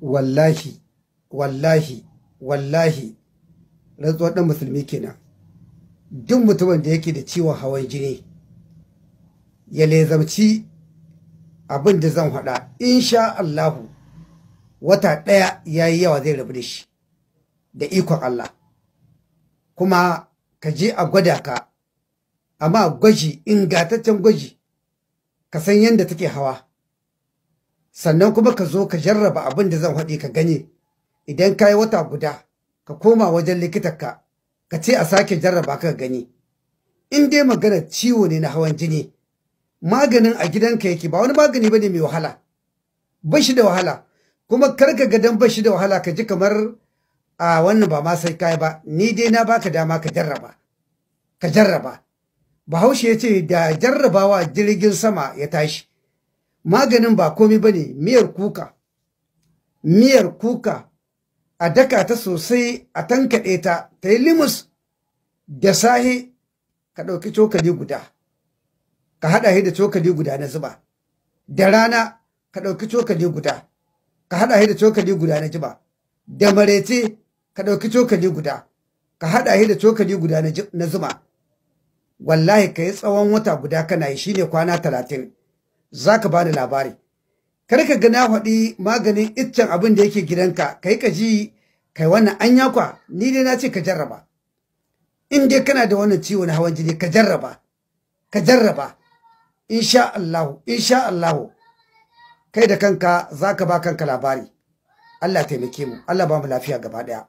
wallahi wallahi wallahi rantsuwar ɗan musulmi kenan duk mutumin da yake da ciwon hawan jini ya lezamci abin da zan faɗa insha Allahu wata ɗaya ya yi yawa zai rabu da shi da ikon Allah kuma ka je a gwada ka amma gwaji ingataccen gwaji ka san yadda take hawa sannan kuma ka zo ka jarraba abin da zan haɗe ka gani idan ka yi wata guda ka koma wajen likita ka ce a sake jarraba ka gani in dai magana ciwo ne na hawan jini maganin a gidanka yake ba wani magani bane mai wahala bashi da wahala kuma kar ka gadan bashi da wahala ka ji kamar a wannan ba ma sai kai ba ni dai na baka dama ka jarraba ka jarraba bahaushe ya ce da jarrabawa jirgin sama ya tashi maganin ba komi ba ne miyar kuka miyar kuka a daka ta sosai a tankaɗe ta ta yi limus da sahi ka ɗauki cokali guda ka haɗa shi da cokali guda na zuba da rana ka ɗauki cokali guda ka haɗa shi da cokali guda na jiba da marece ka ɗauki cokali guda ka haɗa shi da cokali guda na zuma wallahi ka yi tsawon wata guda kana yi shine kwana talatin za ka bani labari kar ka gana faɗi maganin iccen abin da yake gidanka kai ka ji kai wannan an yakwa ni dai na ce ka jarraba in dai kana da wannan ciwo na hawan jini ka jarraba ka jarraba insha Allah insha Allah kai da kanka zaka ba kanka labari Allah taimake mu Allah ba mu lafiya gaba ɗaya